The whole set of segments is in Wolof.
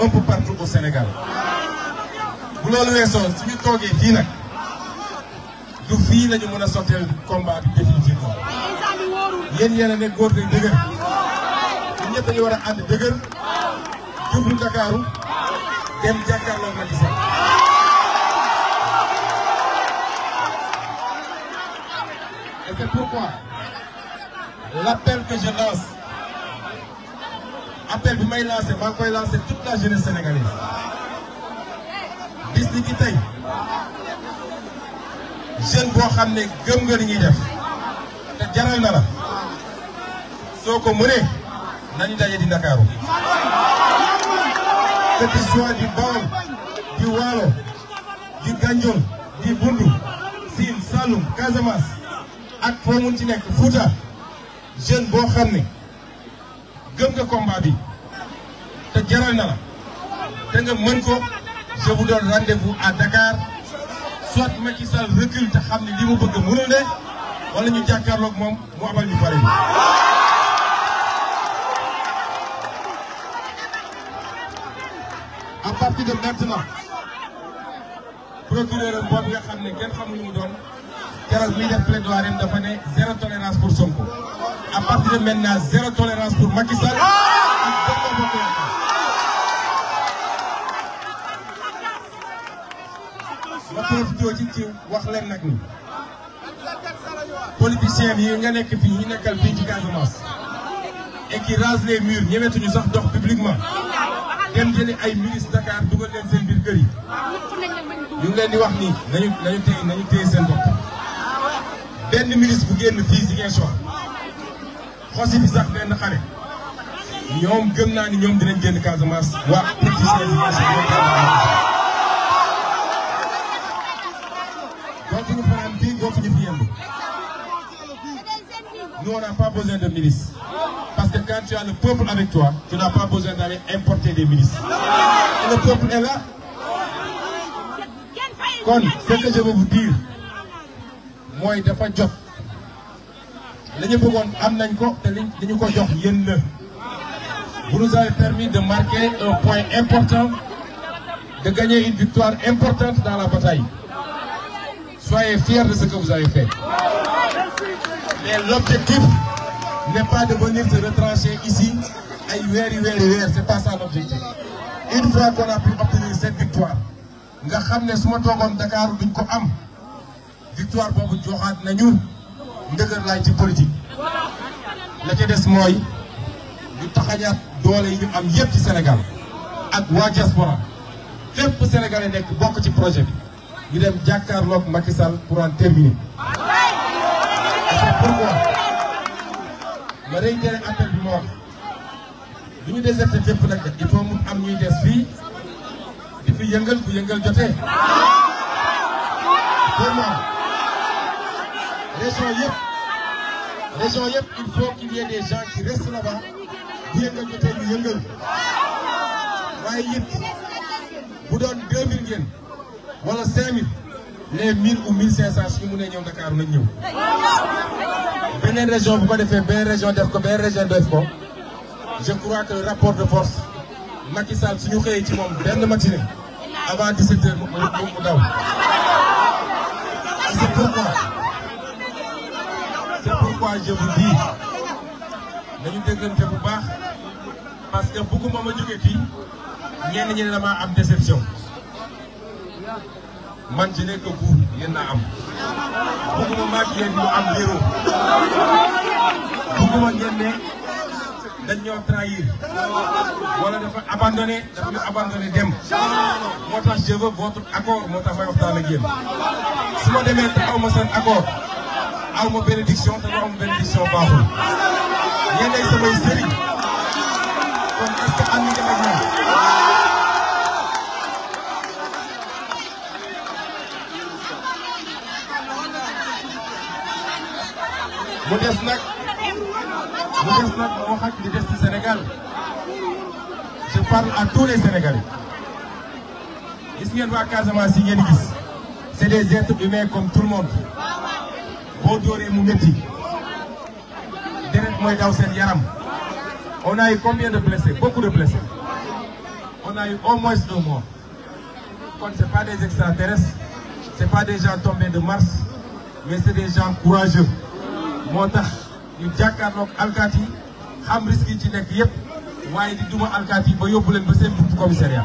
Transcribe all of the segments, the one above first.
ëpp partout au Sénégal bu toogee fii nag du lañu mën a sotteel combat bi définitivement yéen yéen a ne góor de dëgër ñun ñëpp dañu war a ànd dëgër jublu Ndakaaru dem jàkkaarloo Macky appel bi may lancé maa ngi koy lancé toute la jeunesse sénégalaise bis ni tey jeune boo xam ne gëm nga li ñuy def te jaral na la soo ko mënee nañu daje di Ndakaaru que tu sois du Baol du Waalo du Gandiol du Bundu Sine Saloum Casamance ak foo mun ci nekk Fouta jeune boo xam ne gëm nga combat bi te jaral na la te nga mën ko je vous donne à Dakar soit Macky Sall recule te xam ne li mu bëgg mënul de wala ñu jàkkaarloog moom mu abal ñu pare. à partir de maintenant procureur boobu nga xam ne kenn xamuñu mu doon. keroog muy def plaidoirie dafa ne zéro tolérance pour Sonko à partir de maintenant zéro tolérance pour Macky Sall ma profité ci ci wax leen nag ni politiciens yi nga nekk fii ñu nekkal fii ci Casamance et qui rase les murs ñemetuñu sax dox publiquement dem jëli ay ministre Dakar dugal leen seen biir kër yi ñu leen di wax nii nañu nañu téye nañu benn ministre bu génn fii Ziguinchor xosi fi sax benn xare ñoom gëm naa ni ñoom dinañ génn Casamance waa politicien Ziguinchor ñu fanaan fii dootuñu fi yemb nous on n'a pas besoin de ministre parce que quand tu as le peuple avec toi tu n'as pas besoin d'aller importer des ministres et le peuple est là kon ce que je veux vous dire mooy dafa jot li ñu bëggoon am nañ ko te li ko jox yéen la vous nous avez de marquer un point important de gagner une victoire importante dans la bataille soyez fiers de ce que vous avez fait mais l'objectif n'est pas de venir se retrancher ici ay weeri weeri weer c'est pas ça l'objectif une fois qu'on a pu obtenir victoire nga xam ne su ma toogoon Dakar duñ ko am victoire boobu joxaat nañu ndëgër laay ci politique la ca des mooy ñu taxañaat doole yi ñu am yépp ci Sénégal ak waa diaspora fépp sénégalais nekk bokk ci projet gi ñu dem jàkkaarloog Macky Sall pour en terminer. c'est pourquoi ma réitéré appel bi ñu déserté fépp nag il faut am ñuy des fii di fi yëngal bu jotee. région yëpp région yëpp il faut qu'il y ait des gens qui restent là-bas di yëngal jotee ñu yëngal waaye it bu doon 2000 ngeen wala 5000 les 1000 ou 1500 su ñu mënee ñëw Dakar nañ ñëw. beneen région bu ko defee beneen région def ko beneen région def ko je crois rapport de force Macky Sall su ñu xëyee ci moom benn matinée avant 17 heures mu mu daw. pourquoi je vous dis dañu déggante bu baax parce que bëgguma ma jóge fii ñenn ñi ne damaa am déception man je n'ai que vous yéen naa am bëgguma maag yéen am réeróo bëgguma ngeen ne dañ ñoo trahir wala dafa abandonné dafa ñu abandonné dem moo tax je veux votre accord moo tax may waxtaan ak yéen su ma demee te aw ma seen aw ma bénédiction te lu am bénédiction baaxul yéen ay samay sëriñ kon est-ce que am ngeen ak ñoom mu des nag mu des nag ma wax ak li des ci Sénégal je parle à tous les Sénégalais gis ngeen waa Casamance yi ngeen gis c'est des êtres humains comme tout le monde boo dóoree mu métti deret mooy daw seen yaram on a eu combien de blessés beaucoup de blessés on a au moins deux morts kon c'est pas des extraterrestres c'est pas des gens tombés de Mars mais c'est des gens courageux moo tax ñu jàkkaarloog alkaati yi xam risque yi ci nekk yépp waaye di duma alkaati yi ba yóbbu leen ba seen buntu commissariat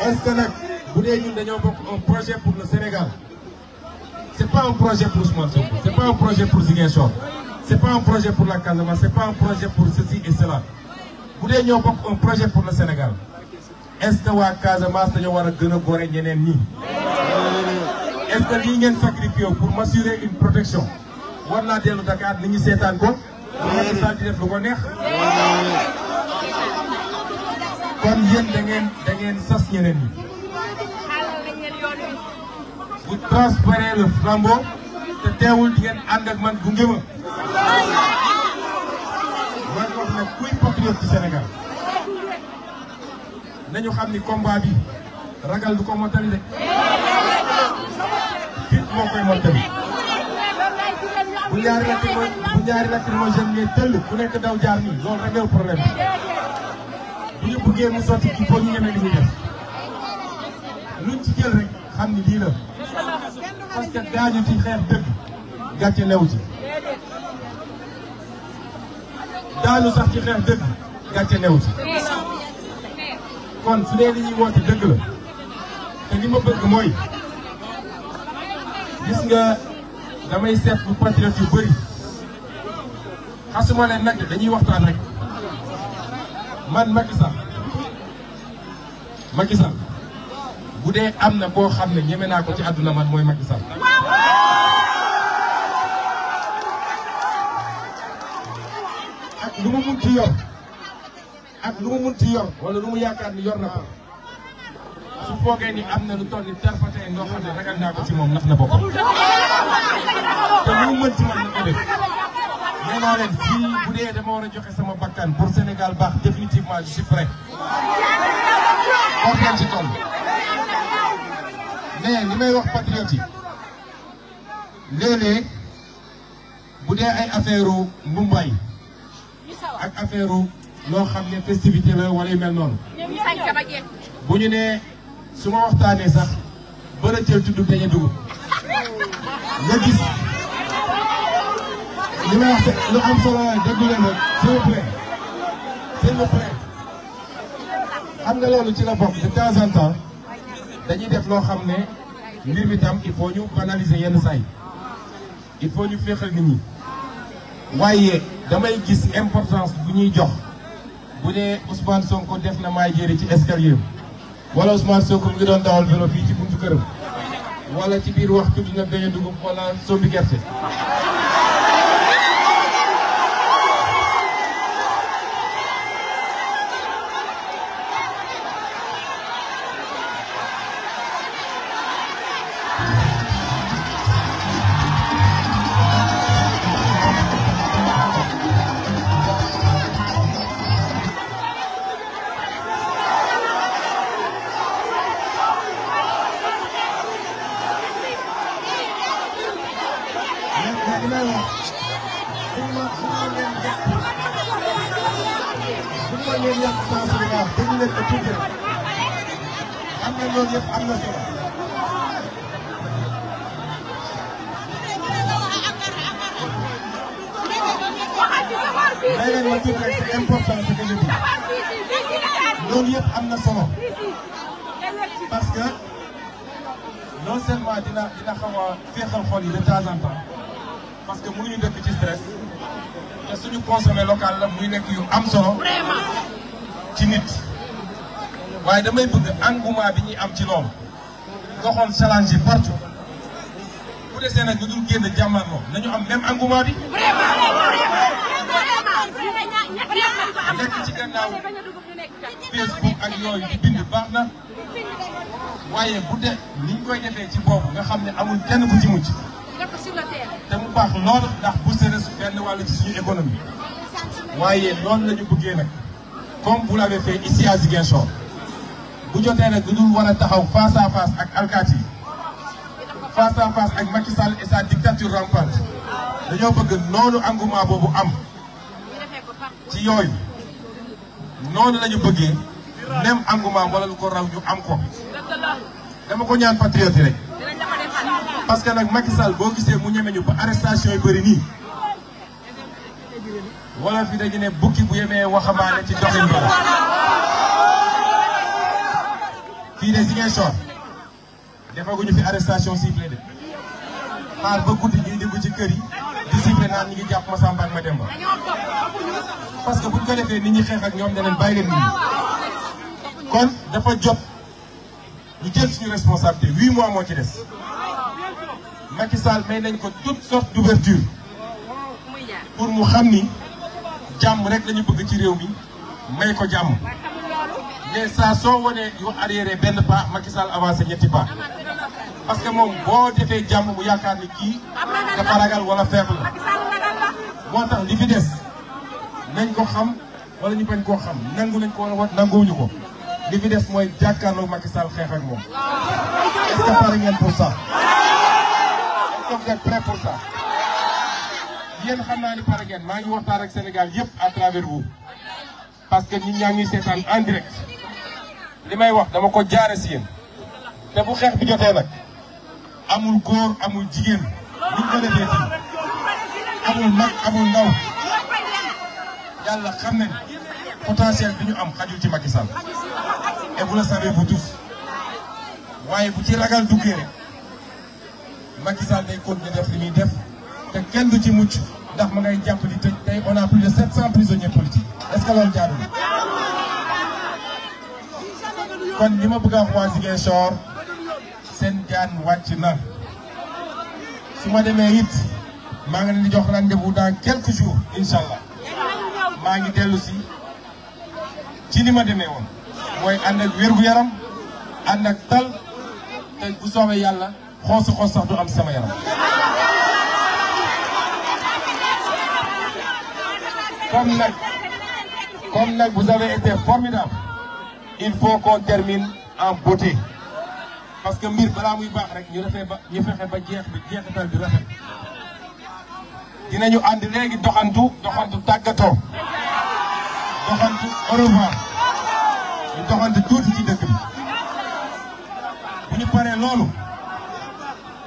est projet pour le Sénégal c'est pas un projet pour Ousmane Sonko c'est pas un projet pour Ziguinchor c'est pas un projet pour la Casamance c'est pas un projet pour ceci et bu dee ñoo bokk un projet pour le Sénégal est waa Casamance dañoo war a gën a gore ñeneen ñi est lii ngeen sacrifié pour m'assurer une protection war naa dellu Dakar ni ñu seetaan ko Macky Sall di def lu ko neex kon yéen da ngeen sas ñeneen ñi bu transféré le flambeau te teewul di ànd ak man gunge ma. man wax kuy patriote ci Sénégal nañu xam ni combat bi ragal du ko mottali de. fit moo koy mottali. bu bu ñaari la ci mooy tëll ku nekk daw jaar nii loolu rek problème bu ñu bëggee mu sotti il faut ñu ñeme li ñu def luñ ci rek xam ni lii la. parce que new ci sax new ci kon su dee li ñuy woote dëgg la te li ma bëgg mooy gis nga damay seet bu patriote yu bëri xasuma leen nag dañuy waxtaan rek man Macky Sall Macky Sall bu dee am na koo xam ne ñeme naa ko ci àdduna man mooy ma Sall ak lu mu munti yor yor wala lu mu yaakaar ni yor na su foogee ni am na lu toll ni tarfatee ndoo xam ne ragal naa ko ci moom ndax na bopp te lu mu mënti man na ko def nee naa leen bu dee dama war a joxe sama bakkan pour Sénégal baax définitivement je suis prêt. Kontaan ci tool may wax patriote yi bu dee ay affaire u mbumbaay ak affaire u loo xam ne festivité la wala yu mel noonu bu ñu nee suma waxtaanee sax bëra cël tudd dañu dugub nga gis li ma wax lu am solo la déglu leen nag s'il vous xam nga loolu ci la bokk de temps en temps dañuy def loo xam ne mbir mi tam il faut ñu banaliser yenn say yi il faut ñu féexal nit ñi waaye damay gis importance bu ñuy jox bu dee Ousmane Sonko def na maay jéeri ci escalier wala Ousmane Sonko mu ngi doon dawal vélo fii ci buntu këram wala ci biir wax tudd na beñe dugub wala sombi gerte am na yëpp am na loolu yëpp am na solo. may leen ma tuuti rek c'est important ce na solo. parce que non seulement dina dina xaw a féexal de temps parce que mënuñu dëkk ci stress te suñu consommé local la muy nekk yu am solo ci nit waaye damay bëgg engouement bi ñuy am ci loolu nga xool challenge yi partout bu desee nag ñu dul génn jàmmal moom nañu am même engouement bi nekk ci gannaaw Facebook ak yooyu di bind baax na waaye bu dee niñ koy defee ci boobu nga xam ne amul kenn ku ci mucc def ko te mu baax lool ndax booster na benn wàllu ci suñu économie. waaye noonu la ñu bëggee nag comme vous l'avez fait ici à bu jotee nag dañu war a taxaw face à face ak alkaati yi face ak Macky Sall et sa dictature rampante dañoo bëgg noonu engouement boobu am ci yooyu noonu la ñu bëggee même engouement wala lu ko raw ñu am ko dama ko ñaan patriote rek. parce que nag Macky Sall boo gisee mu ñeme ñu ba arrestation yi bëri nii wala fi dañu ne bukki bu yemee waxambaane ci doxin bi la fii arrestation ciblée de xaar ba guddi ñuy dugg ci kër yi di ciblé naan ñu ngi jàpp Massamba ak Mademba parce que buñ ko defee nit ñi xeex ak ñoom daneen bàyyi leen nit kon dafa jot ñu jël suñu responsabilité huit mois moo ci des Macky Sall may nañ ko toute sorte d'ouverture pour mu xam ni jàmm rek la ñu bëgg ci réew mi may ko jàmm mais saa soo wanee yu arrière benn pas Macky Sall avancé ñetti pas parce que moom boo defee jàmm bu yaakaar ni kii dafa ragal wala faible moo tax li fi des nañ ko xam wala ñu bañ koo xam nangu nañ ko wala wat nanguwuñu ko li fi des mooy jàkkaarloo Macky Sall xeex ak moom est-ce que pare ngeen pour ça que vous xam naa ni pare maa ngi waxtaan ak Sénégal yëpp à travers vous que nit ñaa ngi seetaan en direct li may wax dama ko jaar si yéen te bu xeex bi jotee nag amul góor amul jigéen ñu defee fii amul mag amul ndaw yàlla xam nañ potentiel bi ñu am xajul ci Macky Sall a vous le savez waaye bu ci ragal duggee rek Macky Sall day continuer def li muy def te kenn du ci mucc ndax ma ngay jàpp di tëj tey on a plus de 700 prisonniers politiques est-ce que loolu jaadu ma bëgg a wax waa seen jaan wàcc na su ma demee it maa ngi leen di jox rendez-vous dans quelques jours incha allah maa ngi dellu si ci ni ma demee woon mooy ànd ak wér gu yaram ànd ak tal te bu soobee yàlla. xoosu xoos sax du am sama yaram comme nag comme nag vous avez été formidable il faut qu'on termine en beauté parce que mbir balaa muy baax rek ñu defee ba ñu fexe ba jeex bi jeexital bi rafet dinañu léegi doxantu doxantu tàggatoo doxantu au ñu doxantu tuuti ci dëkk bi ñu paree loolu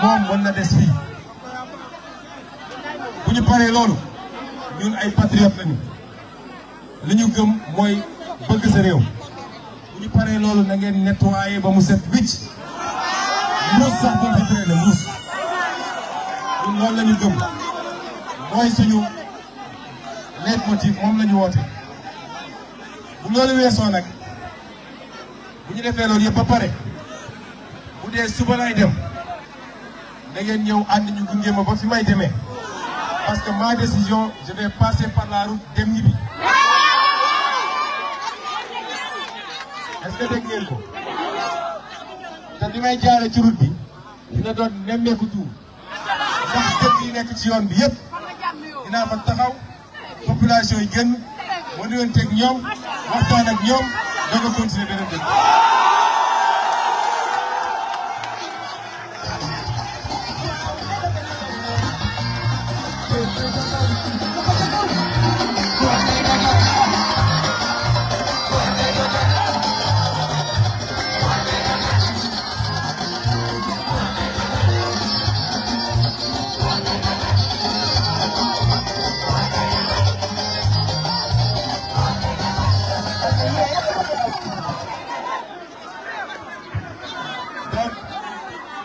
moom mën na des fii bu ñu paree loolu ñun ay patriote lañu li ñu gëm mooy bëgg sa réew bu ñu paree loolu na ngeen nettoyé ba mu set wicc muus sax bu fi traîné muus ñun loolu mooy suñu leitmotiv moom la ñu woote bu loolu weesoo nag bu ñu defee loolu yëpp ba pare bu dee suba lay dem da ngeen ñëw ànd ñu gunge ma ba fi may demee parce que ma décision je vais passer par la route dem ñibbi est-ce ko te li may jaare ci route bi dina doon nemmeeku tuur ndax dëkk yi nekk ci yoon bi yëpp dinaa fa taxaw population yi génn ma teg ñoom waxtaan ak ñoom da nga continuer beneen dëkk